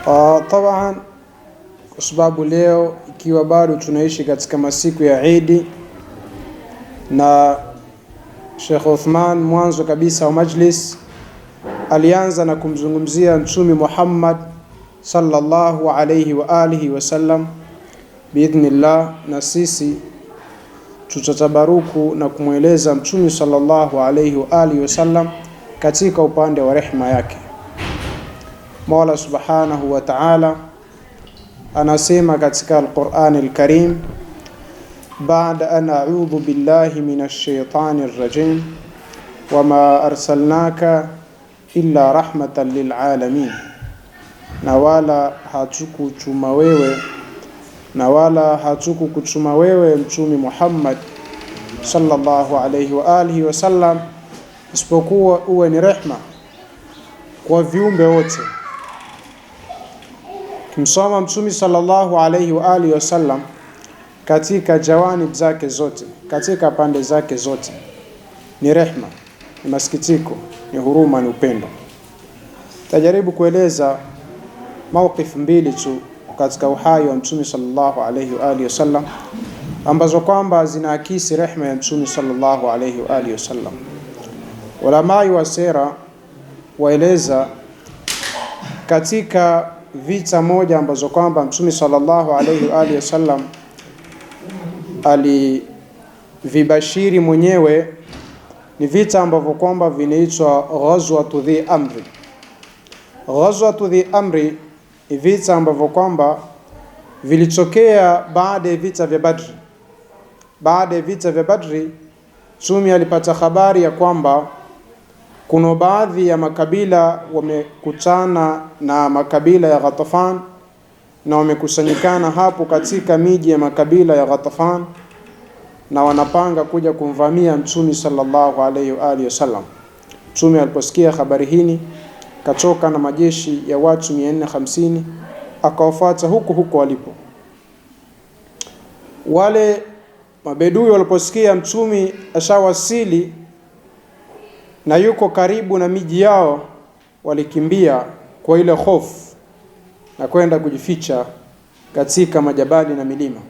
Uh, ah, taban kwa sababu leo ikiwa bado tunaishi katika masiku ya Idi na Sheikh Uthman mwanzo kabisa wa majlis alianza na kumzungumzia Mtume Muhammad sallallahu alayhi wa alihi wasallam biidhnillah, na sisi tutatabaruku na kumweleza Mtume sallallahu alayhi wa alihi wasallam katika upande wa rehma yake. Mola Subhanahu wa Ta'ala anasema katika Al-Qur'an Al-Karim, baada an a'udhu billahi minash shaitani rajim wama arsalnaka illa rahmatan lil alamin, na wala hatukuchuma wewe na wala hatukukuchuma wewe Mtume Muhammad sallallahu alayhi wa alihi sallam, isipokuwa uwe ni rehma kwa viumbe wote. Kumsoma Mtume sallallahu alaihi wa alihi wasallam katika jawanib zake zote, katika pande zake zote, ni rehma, ni masikitiko, ni huruma, ni upendo. Tajaribu kueleza mauqif mbili tu katika uhai wa Mtume sallallahu alayhi wa alihi wasallam ambazo kwamba zinaakisi rehma ya Mtume sallallahu alaihi wa alihi wasallam. Ulamai wa sera waeleza katika vita moja ambazo kwamba Mtume sallallahu alayhi wa alihi wasallam alivibashiri mwenyewe ni vita ambavyo kwamba vinaitwa ghazwatu dhi amri. Ghazwatu dhi amri ni vita ambavyo kwamba vilitokea baada ya vita vya Badri. Baada ya vita vya Badri, Mtume alipata habari ya kwamba kuna baadhi ya makabila wamekutana na makabila ya Ghatafan na wamekusanyikana hapo katika miji ya makabila ya Ghatafan na wanapanga kuja kumvamia Mtume sallallahu alayhi wa alihi wasallam. Mtume aliposikia habari hini katoka na majeshi ya watu 450 akawafuata huko huko walipo wale mabedui. Waliposikia Mtume ashawasili na yuko karibu na miji yao, walikimbia kwa ile hofu na kwenda kujificha katika majabali na milima.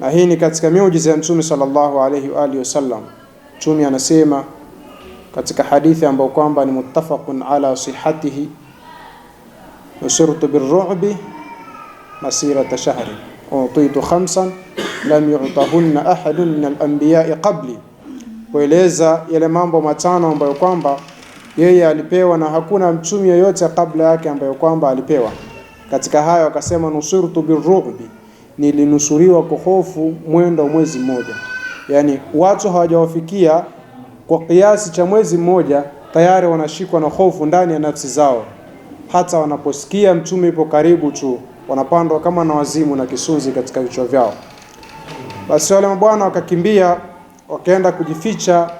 Na hii ni katika miujiza ya Mtume sallallahu alayhi wa alihi wasallam. Mtume anasema katika hadithi ambayo kwamba ni muttafaqun ala sihatihi, nusirtu birru'bi masirata shahri utitu khamsan lam yu'tahunna ahadun min al-anbiya'i qabli kueleza yale mambo matano ambayo kwamba yeye alipewa na hakuna mchumi yoyote kabla yake ambayo kwamba alipewa. Katika hayo akasema, nusurtu birrughbi, nilinusuriwa kwa hofu mwendo wa mwezi mmoja. Yani watu hawajawafikia kwa kiasi cha mwezi mmoja, tayari wanashikwa na hofu ndani ya nafsi zao, hata wanaposikia mtume ipo karibu tu wanapandwa kama na wazimu na kisunzi katika vichwa vyao. Basi wale mabwana wakakimbia wakaenda kujificha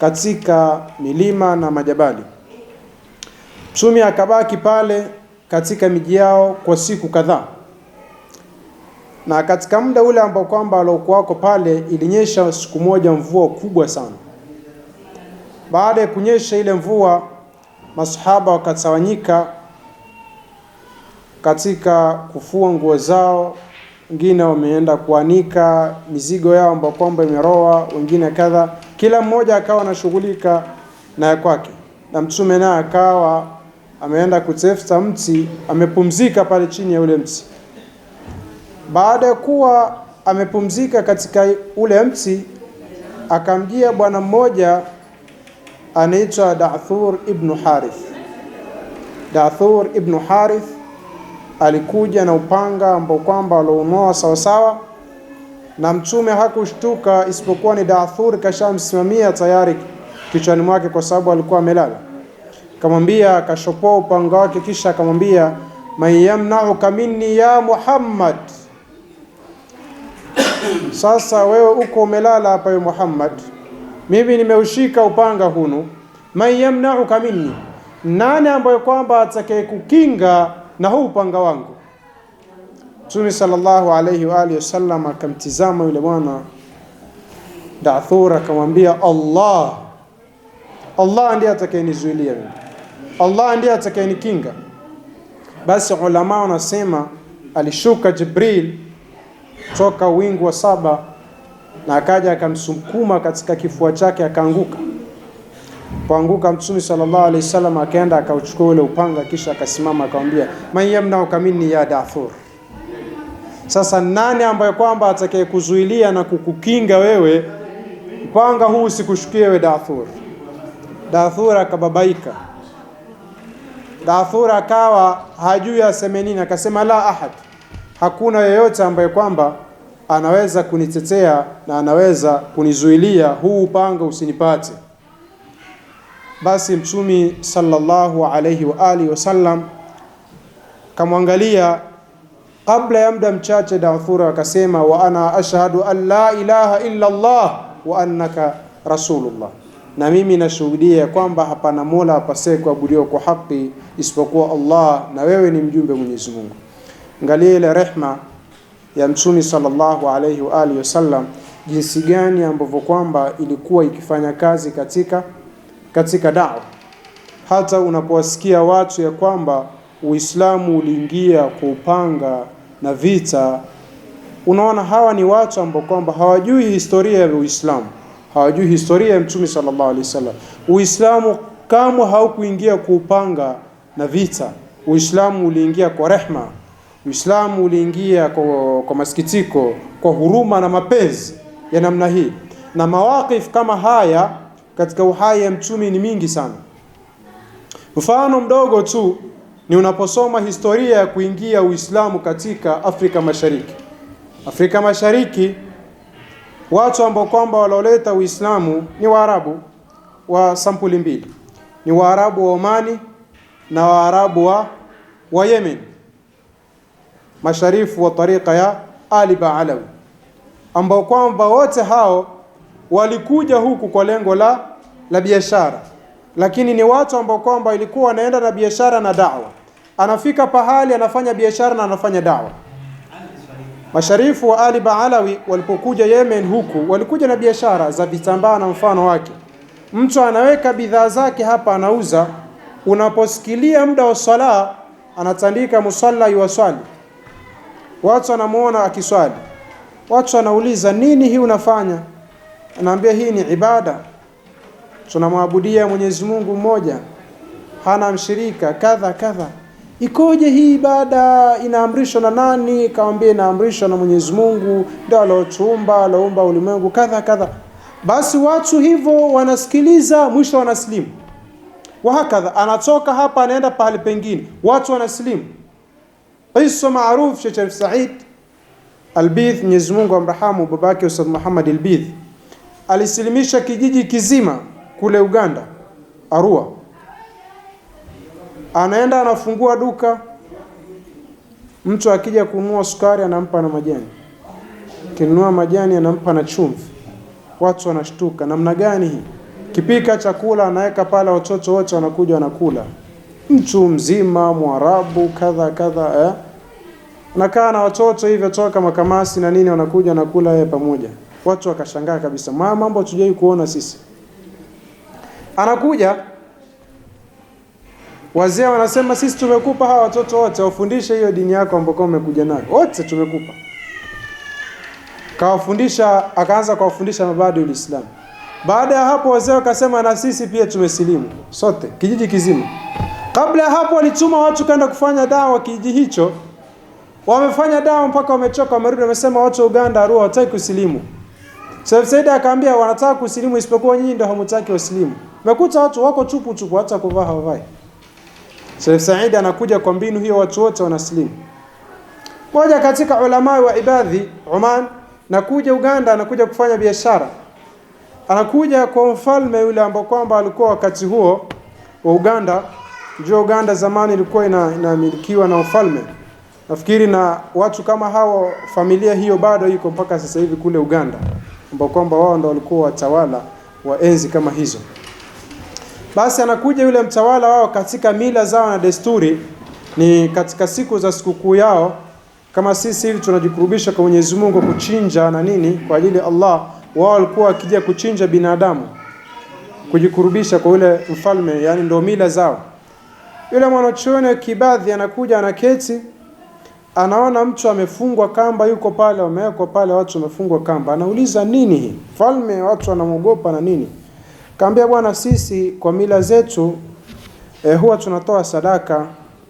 katika milima na majabali. Mtume akabaki pale katika miji yao kwa siku kadhaa, na katika muda ule ambao kwamba waliokuwako pale ilinyesha siku moja mvua kubwa sana. Baada ya kunyesha ile mvua, masahaba wakatawanyika katika kufua nguo zao wengine wameenda kuanika mizigo yao ambayo kwamba imeroa, wengine kadha. Kila mmoja akawa anashughulika na kwake, na Mtume naye akawa ameenda kutafuta mti, amepumzika pale chini ya ule mti. Baada ya kuwa amepumzika katika ule mti, akamjia bwana mmoja anaitwa Dathur ibn Harith. Dathur ibn Harith alikuja na upanga ambao kwamba aliunoa sawasawa, na mtume hakushtuka, isipokuwa ni Daathur kashamsimamia tayari kichwani mwake, kwa sababu alikuwa amelala. Akamwambia, akashopoa upanga wake, kisha akamwambia, man yamnauka minni ya Muhammad. Sasa wewe uko umelala hapa, we Muhammad, mimi nimeushika upanga hunu. Man yamnauka minni, nani ambaye kwamba atakaye kukinga na huu upanga wangu. Mtume sallallahu alayhi wa alihi wasallam akamtizama yule bwana Dathura, akamwambia Allah, Allah ndiye atakayenizuilia mimi, Allah ndiye atakayenikinga. Basi ulama wanasema alishuka Jibril toka wingu wa saba na akaja akamsukuma katika kifua chake akaanguka kuanguka Mtume sallallahu alaihi wasallam akaenda akauchukua ule upanga, kisha akasimama akamwambia, man yamnauka minni ya Dathur. Sasa nani ambaye kwamba atakaye kuzuilia na kukukinga wewe upanga huu usikushukie wewe Dathur? Dathur akababaika. Dathur akawa hajui aseme nini, akasema la ahad, hakuna yeyote ambaye kwamba anaweza kunitetea na anaweza kunizuilia huu upanga usinipate. Basi Mtume sallallahu alayhi wa alihi wasallam kamwangalia kabla ya muda mchache, Dathura akasema, wa ana ashhadu an la ilaha illa Allah wa annaka rasulullah, na mimi nashuhudia kwamba hapana mola apasaye kuabudiwa kwa haki isipokuwa Allah na wewe ni mjumbe Mwenyezi Mungu. Angalia ile rehma ya Mtume sallallahu alayhi wa alihi wasallam, jinsi gani ambavyo kwamba ilikuwa ikifanya kazi katika katika dawa, hata unapowasikia watu ya kwamba Uislamu uliingia kwa upanga na vita, unaona hawa ni watu ambao kwamba hawajui historia ya Uislamu, hawajui historia ya Mtume sallallahu alaihi wasallam. Uislamu kamwe haukuingia kwa upanga na vita. Uislamu uliingia kwa rehma, Uislamu uliingia kwa, kwa masikitiko, kwa huruma na mapenzi ya namna hii, na mawakif kama haya katika uhai ya mchumi ni mingi sana. Mfano mdogo tu ni unaposoma historia ya kuingia Uislamu katika Afrika Mashariki. Afrika Mashariki watu ambao kwamba walioleta Uislamu ni Waarabu wa sampuli mbili, ni Waarabu wa Omani na Waarabu wa, wa Yemen, masharifu wa tarika ya Ali Baalawi, ambao kwamba wote hao walikuja huku kwa lengo la la biashara, lakini ni watu ambao kwamba ilikuwa wanaenda na biashara na dawa. Anafika pahali anafanya biashara na anafanya dawa. Masharifu wa Ali Baalawi walipokuja Yemen huku walikuja na biashara za vitambaa na mfano wake. Mtu anaweka bidhaa zake hapa anauza, unaposikilia muda wa swala anatandika musalla yuwaswali, watu wanamuona akiswali, watu wanauliza nini hii unafanya? Anaambia hii ni ibada, tunamwabudia Mwenyezi Mungu mmoja, hana mshirika, kadha kadha. Ikoje hii ibada? Inaamrishwa na nani? Kaambia inaamrishwa na Mwenyezi Mungu, ndio aliotuumba, alioumba ulimwengu, kadha kadha. Basi watu hivyo wanasikiliza, mwisho wanasilimu. Wahakadha, anatoka hapa anaenda pahali pengine, watu wanasilimu. Qissa maarufu Sheikh Said Albidh, Mwenyezi Mungu amrahamu babake Ustaz Muhammad Albidh alisilimisha kijiji kizima kule Uganda, Arua. Anaenda anafungua duka, mtu akija kununua sukari anampa na majani, kinunua majani anampa na chumvi. Watu wanashtuka, namna gani hii? Kipika chakula anaweka pale, watoto wote wanakuja wanakula, mtu mzima, Mwarabu, kadha kadha eh? nakaa na watoto hivyo toka makamasi na nini, wanakuja nakula yeye pamoja. Watu wakashangaa kabisa, ma mambo hatujai kuona sisi. Anakuja wazee wanasema, sisi tumekupa hawa watoto wote, wafundishe hiyo dini yako ambayo umekuja nayo, wote tumekupa. Kawafundisha, akaanza kuwafundisha mabadi mabadiul Uislamu. Baada ya hapo, wazee wakasema, na sisi pia tumesilimu sote, kijiji kizima. Kabla ya hapo, walituma watu kaenda kufanya dawa kijiji hicho, wamefanya dawa mpaka wamechoka, wamerudi, wamesema watu wa Uganda, Arua hawataki kusilimu. Said Said akaambia wanataka kusilimu isipokuwa nyinyi ndio hamtaki wasilimu. Mekuta watu wako tupu tupu hata kuvaa hawavai. Said Said anakuja kwa mbinu hiyo watu wote wanaslimu. Moja katika ulama wa ibadhi Oman nakuja Uganda anakuja kufanya biashara. Anakuja kwa mfalme yule ambao kwamba alikuwa wakati huo wa Uganda. Jua Uganda zamani ilikuwa ina, inamilikiwa na ufalme. Nafikiri na watu kama hao familia hiyo bado iko mpaka sasa hivi kule Uganda ambao kwamba wao ndio walikuwa watawala wa enzi kama hizo. Basi anakuja yule mtawala wao, katika mila zao na desturi ni katika siku za sikukuu yao, kama sisi hivi tunajikurubisha kwa Mwenyezi Mungu kuchinja na nini kwa ajili ya Allah, wao walikuwa wakija kuchinja binadamu kujikurubisha kwa yule mfalme, yani ndio mila zao. Yule mwanachuoni Kibadhi anakuja anaketi anaona mtu amefungwa kamba, yuko pale, wamewekwa pale, watu wamefungwa kamba. Anauliza, nini hii? Mfalme watu wanamwogopa na nini? Kaambia, bwana, sisi kwa mila zetu eh, huwa tunatoa sadaka,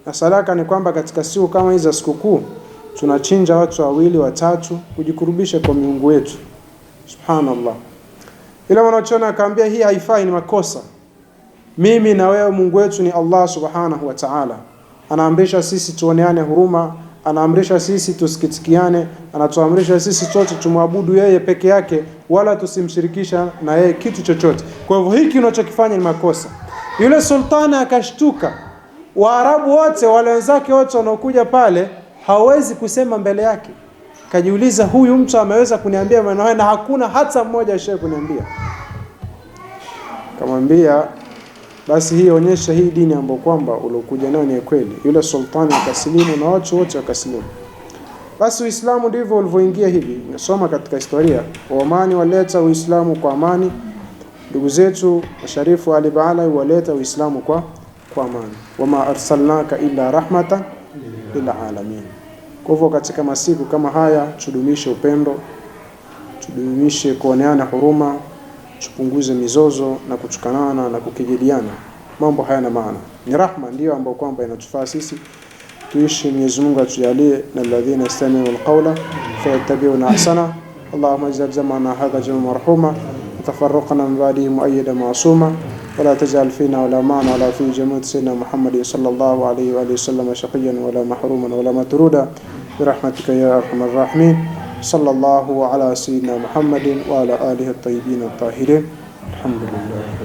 na sadaka ni kwamba katika siku kama hizi za sikukuu tunachinja watu wawili watatu kujikurubisha kwa miungu wetu. Subhanallah. Ila mwanachuoni akaambia hii haifai, ni makosa. Mimi na wewe Mungu wetu ni Allah subhanahu wa ta'ala, Anaambisha sisi tuoneane huruma anaamrisha sisi tusikitikiane, anatuamrisha sisi sote tumwabudu yeye peke yake, wala tusimshirikisha na yeye kitu chochote. Kwa hivyo hiki unachokifanya ni makosa. Yule sultani akashtuka, Waarabu wote wale wenzake wote wanaokuja pale hawezi kusema mbele yake. Kajiuliza, huyu mtu ameweza kuniambia maneno haya na hakuna hata mmoja ashaye kuniambia. Kamwambia basi hii onyesha hii dini ambayo kwamba uliokuja nayo ni kweli. Yule sultani akasilimu na watu wote wakasilimu. Basi Uislamu ndivyo ulivyoingia hivi. Nasoma katika historia, Waomani waleta Uislamu kwa amani, ndugu zetu washarifu Ali Baala waleta Uislamu kwa kwa amani, wama arsalnaka illa rahmata lil alamin. Kwa hivyo katika masiku kama haya tudumishe upendo, tudumishe kuoneana huruma tupunguze mizozo na kuchukanana na kukijiliana. Mambo hayana maana, ni rahma ndiyo ambayo kwamba inatufaa sisi tuishi. Mwenyezi Mungu atujalie na alladhina istami'u alqawla fayattabi'una ahsana. Allahumma ij'al zamana hadha jam'an marhuma وتفرقنا min بعده muayyada masuma ولا تجعل فينا ولا معنا ولا في جمود سيدنا محمد صلى الله عليه وآله وسلم شقيا ولا محروما ولا مترودا برحمتك يا أرحم الراحمين صلى الله على سيدنا محمد وعلى آله الطيبين الطاهرين الحمد لله